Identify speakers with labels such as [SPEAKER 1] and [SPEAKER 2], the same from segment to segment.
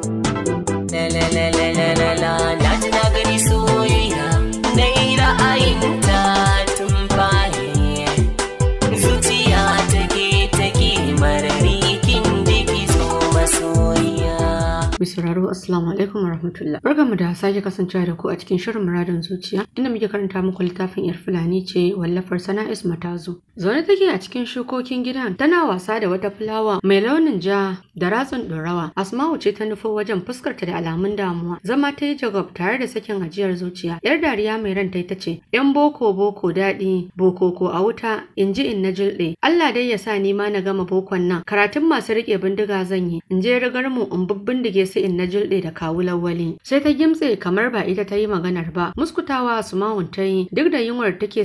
[SPEAKER 1] Thank you. sauraro assalamu alaikum warahmatullah barkamu da sake kasancewa da ku a cikin shirin muradin zuciya inda muke karanta muku littafin yar fulani ce wallafar sana'is matazo zaune take a cikin shukokin gidan tana wasa da wata fulawa mai launin ja da ratsin dorawa asma'u ce ta nufo wajen fuskarta da alamun damuwa zama ta yi jagab tare da sakin ajiyar zuciya yar dariya mai ran ta ce yan boko boko daɗi boko ko a wuta in ji in na julɗe allah dai ya sa ni ma na gama bokon nan karatun masu riƙe bindiga zan yi in je rigar mu in bibbindige su din na jilde da kawu lawali sai ta gimtse kamar ba ita ta yi maganar ba muskutawa Asma'un ta yi duk da yunwar take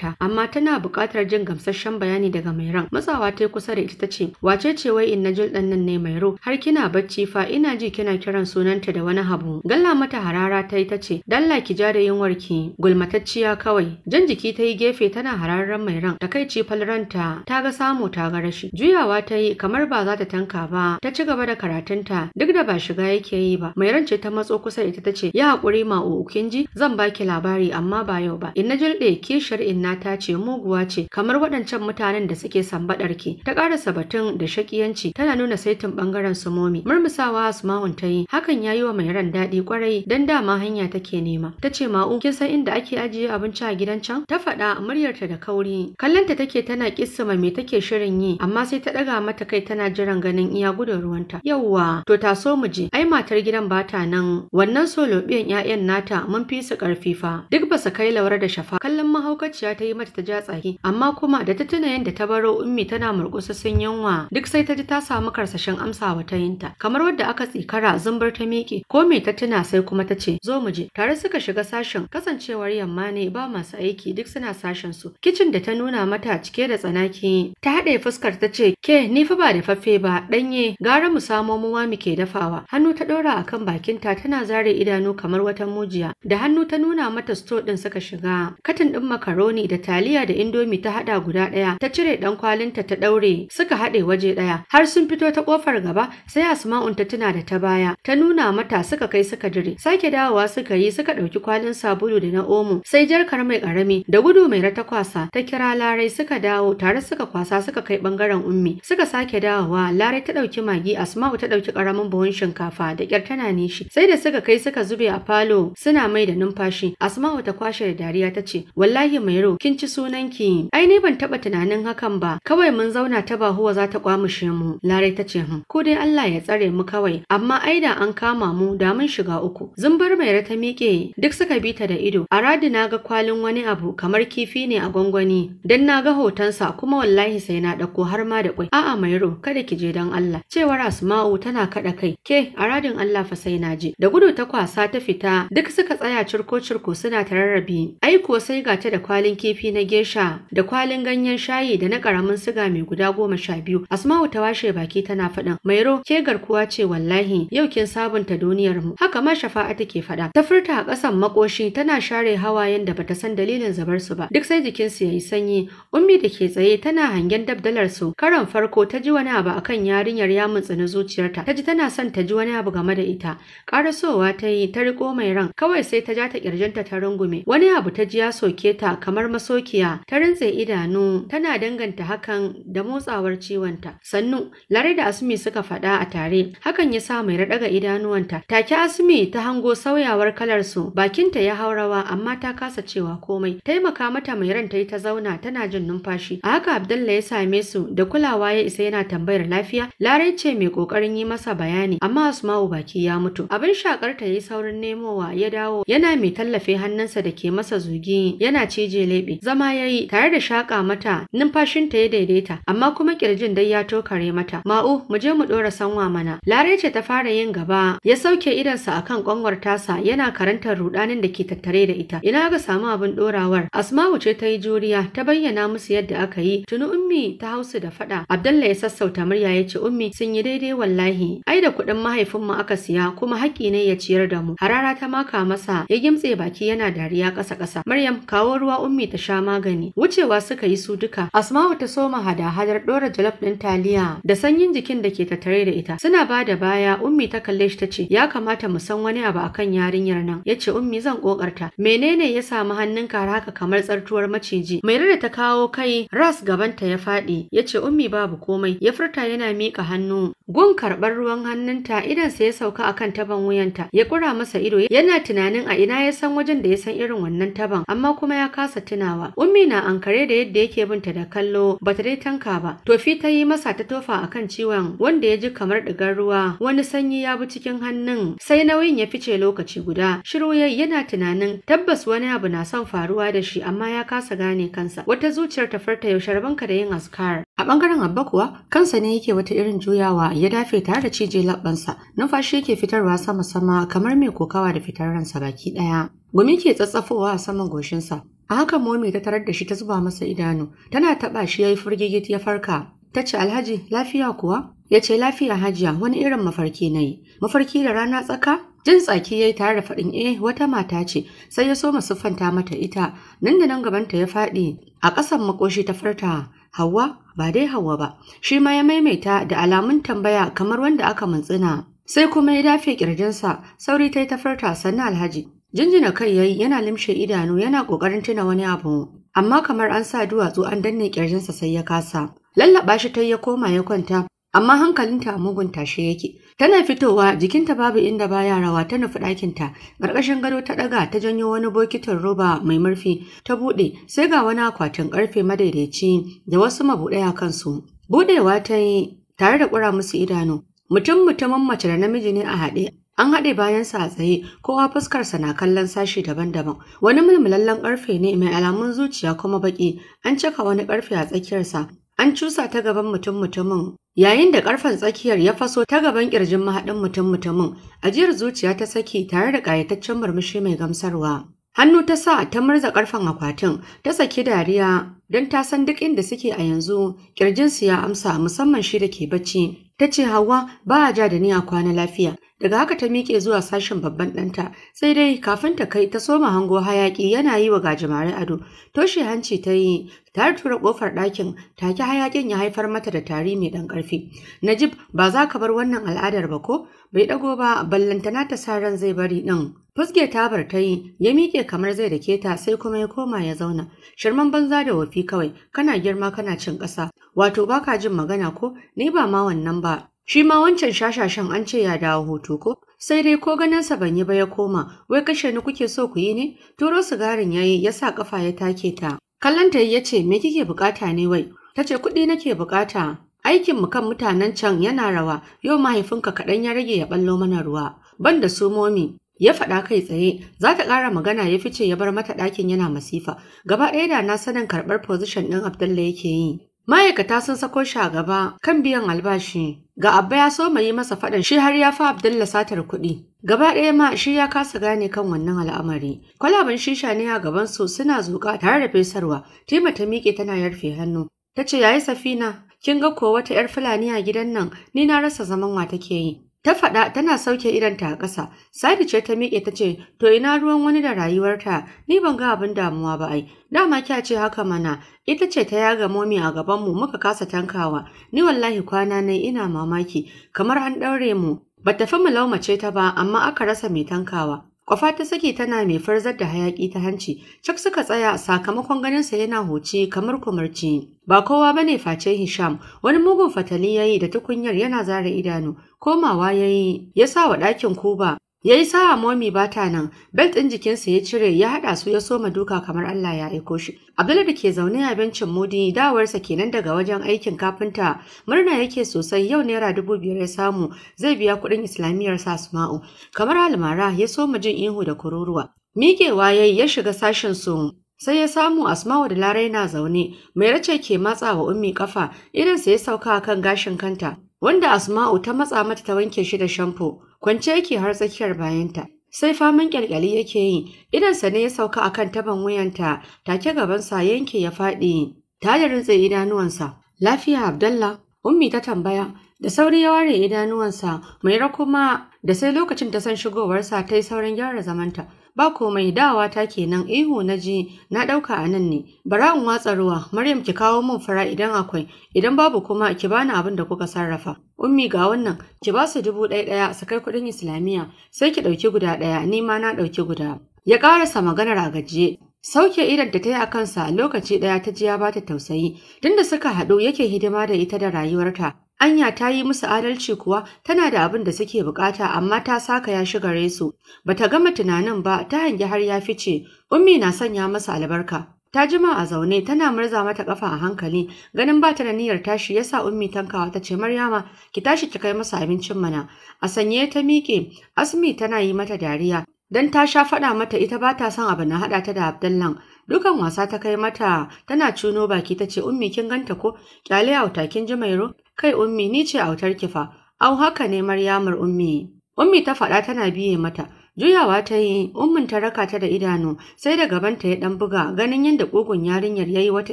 [SPEAKER 1] ta amma tana buƙatar jin gamsasshen bayani daga mai ran matsawa ta kusa da ita ta ce wace ce wai in na julɗan nan ne mai ro har kina bacci fa ina ji kina kiran sunanta da wani habu galla mata harara ta yi ta ce dalla ki ja da yunwar ki gulmatacciya kawai jan jiki ta yi gefe tana hararren mai ran kai ci falranta ta ga samu ta ga rashi juyawa ta yi kamar ba za ta tanka ba ta ci gaba da karatunta duk da ba shi shiga yake yi ba mai rance ta matso kusa ita ta ce ya haƙuri ma kin ji zan baki labari amma ba yau ba inna ke shar'in inna ta ce muguwa ce kamar waɗancan mutanen da suke sambaɗar ki ta ƙarasa batun da shakiyanci tana nuna saitin ɓangaren su momi murmusawa asma'un ta yi hakan ya yi wa mai ran daɗi ƙwarai don dama hanya take nema ta ce ma'u kin san inda ake ajiye abinci a gidan can ta faɗa muryarta da kauri kallanta take tana kissima me take shirin yi amma sai ta ɗaga mata kai tana jiran ganin iya gudun ruwanta yawwa to taso mu waje. ai matar gidan bata nan wannan solobiyan 'ya'yan nata mun fi su karfi fa duk ba su kai laura da shafa kallon mahaukaciya ta yi mata ta ja tsaki amma kuma da ta tuna yadda ta baro ummi tana murƙusa sun yunwa duk sai ta ji ta samu karsashin amsa ta yinta. kamar wadda aka tsikara zumbar ta miƙe ko me ta tuna sai kuma ta ce zo mu je tare suka shiga sashen kasancewar yamma ne ba masu aiki duk suna sashen su kicin da ta nuna mata cike da tsanaki ta haɗe fuskar ta ce ke ni fa ba da faffe ba ɗanye gara mu samo muwa muke dafawa hannu ta ɗora a kan bakinta tana zare idanu kamar wata mujiya da hannu ta nuna mata sto ɗin suka shiga katin ɗin makaroni da taliya da indomi ta haɗa guda ɗaya ta cire ɗan kwalinta ta ɗaure suka haɗe waje ɗaya har sun fito ta ƙofar gaba sai asma'un ta tuna da ta baya ta nuna mata suka kai suka dire sake dawowa suka yi suka ɗauki kwalin sabulu da na omo sai jarkar mai ƙarami da gudu mai rata kwasa ta kira larai suka dawo tare suka kwasa suka kai ɓangaren ummi suka sake dawowa larai ta ɗauki magi asma'u ta ɗauki ƙaramin buhun shinkafa da kyar tana nishi sai da suka kai suka zube a falo suna mai da numfashi asma'u ta kwashe da dariya ta ce wallahi mairo kin ci sunan ki ai ni ban taba tunanin hakan ba kawai mun zauna ta bahuwa za ta kwamushe mu larai ta ce hm ko dai Allah ya tsare mu kawai amma ai da an kama mu da mun shiga uku zumbar Maira ta miƙe duk suka bi ta da ido a radi na ga kwalin wani abu kamar kifi ne a gwangwani dan na ga hotonsa kuma wallahi sai na ɗauko har ma da kwai a'a mairo kada ki je dan Allah cewar Asma'u tana kada kai ke a radin Allah fa sai naji da gudu ta kwasa ta fita duk suka tsaya cirko cirko suna tararrabi ai ko sai ga ta da kwalin kifi na gesha da kwalin ganyen shayi da na karamin siga mai guda goma sha biyu Asma'u ta washe baki tana faɗin Mairo ke garkuwa ce wallahi yau kin sabunta duniyar mu haka ma shafa'a take faɗa ta furta a ƙasan makoshi tana share hawayen da bata san dalilin zabar su ba duk sai jikin su yayi sanyi ummi da ke tsaye tana hangen dabdalar su karan farko ta ji wani abu akan yarinyar ya na zuciyarta ta ji tana son ta ji ji wani abu game da ita karasowa ta yi ta riko mai ran kawai sai ta ja ta kirjinta ta rungume wani abu ta ji ya soke ta kamar masokiya ta rintse idanu tana danganta hakan da motsawar ciwonta sannu lare da asmi suka faɗa a tare hakan ya sa mai raɗaga idanuwanta take asmi ta hango sauyawar kalar su bakinta ya haurawa amma ta kasa cewa komai taimaka mata mai ran ta yi ta zauna tana jin numfashi a haka abdulla ya same su da kulawa ya isa yana tambayar lafiya larai ce mai kokarin yi masa bayani amma Thomas Mau baki ya mutu. Abin shakar ta yi saurin nemowa ya dawo yana mai tallafe hannunsa da ke masa zugi yana cije leɓe. Zama ya yi tare da shaƙa mata numfashin ta ya daidaita amma kuma kirjin dai ya tokare mata. Ma'u mu je mu ɗora sanwa mana. Lare ce ta fara yin gaba ya sauke idonsa akan kwangwar tasa yana karantar rudanin da ke tattare da ita. Ina ga samu abin ɗorawar. Asma'u ce ta yi juriya ta bayyana musu yadda aka yi. Tunu ummi ta hausu da faɗa. Abdallah ya sassauta murya ya ce ummi sun yi daidai wallahi. Ai da kuɗin mahaifinmu aka siya kuma haƙƙi ne ya ciyar da mu harara ta maka masa ya gimtse baki yana dariya ƙasa ƙasa maryam kawo ruwa ummi ta sha magani wucewa suka yi su duka asma'u ta soma hada hadar ɗora jalof ɗin taliya da sanyin jikin da ke tattare da ita suna ba da baya ummi ta kalle shi ta ce ya kamata mu san wani abu akan yarinyar nan ya ce ummi zan ƙoƙarta menene ya samu hannunka har haka kamar tsartuwar maciji mai rada ta kawo kai ras gabanta ya faɗi ya ce ummi babu komai ya furta yana miƙa hannu gun karɓar ruwan hannunta idan sa ya sauka akan taban wuyanta ya kura masa ido yana tunanin a ina ya san wajen da ya san irin wannan taban amma kuma ya kasa tunawa ummi na ankare da yadda yake binta da kallo bata dai tanka ba tofi ta yi masa ta tofa akan ciwon wanda ya ji kamar digar ruwa wani sanyi ya bi cikin hannun sai nauyin ya fice lokaci guda shiru yayi yana tunanin tabbas wani abu na son faruwa da shi amma ya kasa gane kansa wata zuciyar ta farta yaushe rabanka da yin askar a bangaren abba kuwa kansa ne yake wata irin juyawa ya dafe tare da cije labban ransa numfashi yake fitarwa sama sama kamar mai kokawa da fitar ransa baki daya gumi ke tsatsafowa a saman goshinsa a haka momi ta tarar da shi ta zuba masa idanu tana taba shi yayi furgigit ya farka ta ce alhaji lafiya kuwa ya ce lafiya hajiya wani irin mafarki na yi mafarki da rana tsaka jin tsaki yayi tare da faɗin e wata mata ce sai ya so fanta mata ita nan da nan gabanta ya faɗi a ƙasan makoshi ta farta Hauwa ba dai Hauwa ba shi ma ya maimaita da alamun tambaya kamar wanda aka mantsina. sai kuma ya dafe kirjinsa sauri ta yi ta farta sannan Alhaji jinjina kai yayi yana limshe idanu yana kokarin tuna wani abu amma kamar an sa duwatsu an danne kirjinsa sai ya kasa lallaba shi ta ya koma ya kwanta amma hankalinta a mugun tashe yake tana fitowa jikinta babu inda baya rawa ta nufi ɗakinta ƙarƙashin gado ta ɗaga ta janyo wani bokitin roba mai murfi ta buɗe sai ga wani akwatin ƙarfe madaidaici da wasu mabuɗe a kansu buɗewa ta yi tare da ƙura musu idanu mutum mutumin mace da namiji ne a haɗe An haɗe bayansa a tsaye, kowa fuskarsa na kallon sashi daban-daban. Wani mulmulallen ƙarfe ne mai alamun zuciya kuma baƙi, an caka wani ƙarfe a tsakiyarsa, An cusa ta gaban mutum-mutumin yayin da ƙarfen tsakiyar ya faso ta gaban ƙirjin mahaɗin mutum-mutumin ajiyar zuciya ta saki tare da ƙayataccen murmushi mai gamsarwa. Hannu ta sa ta murza ƙarfen akwatin ta saki dariya don ta san duk inda suke a yanzu ƙirjinsu ya amsa musamman shi da ke bacci Ta ce Hauwa ba a ja da ni kwana lafiya. Daga haka ta miƙe zuwa sashen babban ɗanta. Sai dai kafin ta kai ta soma hango hayaƙi yana yi wa gajimare ado. Toshe hanci ta yi ta tura ƙofar ɗakin take hayaƙin ya haifar mata da tari mai ɗan ƙarfi. Najib ba za ka bar wannan al'adar ba ko? bai ɗago ba ballantana ta sa ran zai bari ɗin. Fuske tabar ta yi ya mike kamar zai dake ta sai kuma ya koma ya zauna. Shirman banza da wafi kawai kana girma kana cin ƙasa. Wato baka jin magana ko ni ba ma wannan ba. Shi ma wancan shashashan an ce ya dawo hoto ko? Sai dai ko ganin sa ban yi ba ya koma, wai kashe ni kuke so ku yi ne? Turo sigarin yayi yi ya sa ƙafa ya take ta. Kallon ta ya ce me kike bukata ne wai? Ta ce kuɗi nake bukata. Aikinmu kan mutanen can yana rawa, yau mahaifinka kaɗan ya rage ya ɓallo mana ruwa. Ban da su momi, ya faɗa kai tsaye, za ta ƙara magana ya fice ya bar mata ɗakin yana masifa. Gaba ɗaya da na sanin karɓar position ɗin Abdulla yake yi. Ma'aikata sun sako shi a gaba kan biyan albashi. Ga Abba ya so yi masa faɗan. shi har ya fa Abdulla satar kuɗi. Gaba ɗaya ma shi ya kasa gane kan wannan al'amari. Kwalaban shisha ne a su suna zuƙa tare da fesarwa. Tima ta miƙe tana yarfe hannu. Ta ce yayi Safina kin ga kuwa wata 'yar Fulani a gidan nan, ni na rasa zaman wa take yi. Ta faɗa tana sauke idanta a ƙasa, Sadi ce ta miƙe ta ce, To ina ruwan wani da rayuwarta, ni ban ga abin damuwa ba ai, dama kya ce haka mana, ita ce ta yaga momi a gabanmu muka kasa tankawa, ni wallahi kwana nai ina mamaki, kamar an ɗaure mu, bata ta fi mu laumace ta ba amma aka rasa mai tankawa. Kwafa ta saki tana mai farzar da hayaki ta hanci, cak suka tsaya sakamakon ganinsa yana hoci kamar kumarci. Ba kowa ba ne face Hisham, wani mugun fatali ya yi da tukunyar yana zara idanu, komawa ya yi, ya sa wa ɗakin kuba Ya yi sa'a momi ba ta nan, belt ɗin jikinsa ya cire ya haɗa su ya soma duka kamar Allah ya aiko shi. Abdullah da ke zaune a bencin Modi dawarsa kenan daga wajen aikin kafinta murna yake sosai yau naira dubu biyar ya samu zai biya kuɗin islamiyyar sa Asma'u. Kamar almara ya soma jin ihu da kururuwa. Miƙewa ya ya shiga sashen su sai ya samu Asma'u da Larai na zaune mai race ke matsa wa ummi kafa idan sai ya sauka kan gashin kanta wanda Asma'u ta matsa mata ta wanke shi da shamfo. kwance yake har tsakiyar bayanta sai faman kyalkyali yake yi idansa ne ya sauka a kan taban wuyanta take gabansa yanke ya faɗi ta da rintse idanuwansa lafiya abdallah ummi ta tambaya da sauri ya ware idanuwansa mai kuma da sai lokacin ta san shigowarsa ta yi saurin gyara zamanta ba komai dawa ta kenan ihu na ji na ɗauka a nan ne bara in watsa ruwa maryam ki kawo min fara idan akwai idan babu kuma ki bani abin da kuka sarrafa ummi ga wannan ki ba su dubu ɗaya ɗaya su kai kuɗin islamiyya sai ki ɗauki guda ɗaya ni ma na ɗauki guda ya ƙarasa maganar a gajiye Sauke idan da ta yi a kansa lokaci ɗaya ta ji ya ba ta tausayi, tunda suka haɗu yake hidima da ita da rayuwarta, Anya ta yi musu adalci kuwa tana da abin da suke bukata amma ta saka ya shiga gare su. Bata gama tunanin ba ta hangi har ya fice. Ummi na sanya masa albarka. Ta jima a zaune tana murza mata kafa a hankali ganin ba ta da niyyar tashi yasa ummi tankawa ta ce Maryama ki tashi ki kai masa abincin mana. A sanye ta miƙe Asmi tana yi mata dariya dan ta sha faɗa mata ita ba ta son abu na haɗa ta da Abdullan. dukan wasa ta kai mata tana cuno baki ta ce ummi kin ganta ko kyale a takin ro? kai ummi ni ce autar kifa au haka ne maryamar ummi ummi ta faɗa tana biye mata juyawa ta yi ummin ta raka ta da idanu sai da gabanta ya dan buga ganin yadda ƙugun yarinyar yayi wata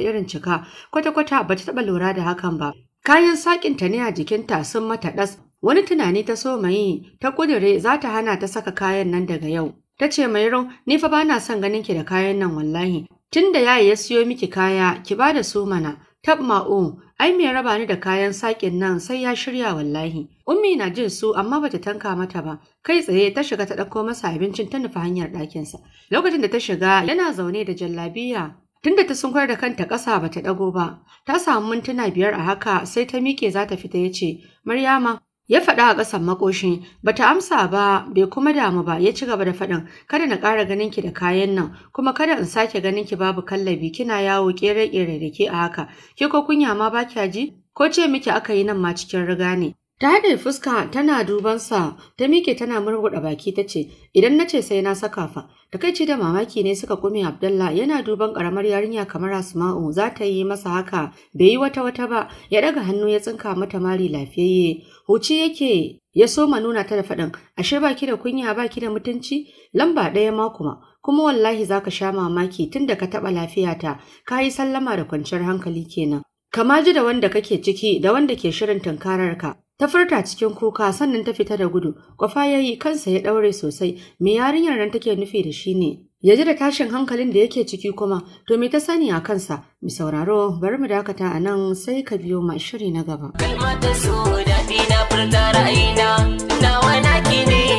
[SPEAKER 1] irin cika kwata-kwata ba ta taɓa lura da hakan ba kayan ta ne a jikinta sun mata ɗas wani tunani ta so mai ta kudure za ta hana ta saka kayan nan daga yau ta ce mai rau ni fa bana son ganin ki da kayan nan wallahi tunda yayi ya siyo miki kaya ki ba da su mana Tab ma'o, ai me raba ni da kayan sakin nan sai ya shirya wallahi. Ummi na jin su amma bata tanka mata ba. Kai tsaye ta shiga ta ɗauko masa abincin ta nufa hanyar ɗakinsa. Lokacin da ta shiga yana zaune da jallabiya Tunda ta sunkar da kanta ƙasa bata ɗago ba, ta samu mintuna biyar a haka sai ta miƙe za ta fita yace Maryama, ya faɗa a ƙasan makoshin bata amsa ba bai kuma damu ba ya ci gaba da faɗin kada na ƙara ganin ki da kayan nan kuma kada in sake ganin ki babu kallabi kina yawo ƙere-ƙere da ke a haka ke ko kunya ma ba kya ji ko ce miki aka yi nan ma cikin riga ne Ta haɗe fuska tana duban sa ta miƙe tana murguɗa baki ta ce, Idan na ce sai na saka fa, takaici da mamaki ne suka kume Abdullah yana duban ƙaramar yarinya kamar Asma'u za ta yi masa haka, bai yi wata wata ba, ya ɗaga hannu ya tsinka mata mari lafiyayye. Huci yake ya so ma nuna ta da faɗin, ashe baki da kunya baki da mutunci, lamba ɗaya ma kuma. kuma wallahi zaka sha mamaki tunda ka taɓa lafiyata, ka yi sallama da kwanciyar hankali kenan. Kama ji da wanda kake ciki da wanda ke shirin tunkararka, Ta furta cikin kuka sannan ta fita da gudu, kwafa ya yi kansa ya ɗaure sosai, me yarinyar nan take nufi da shi ne. Ya ji da tashin hankalin da yake ciki kuma, to me ta sani a kansa, mi sauraro bari mu dakata a nan sai ka biyo ma shiri na gaba. Kalmar da na furta ra'ayina, nawa ne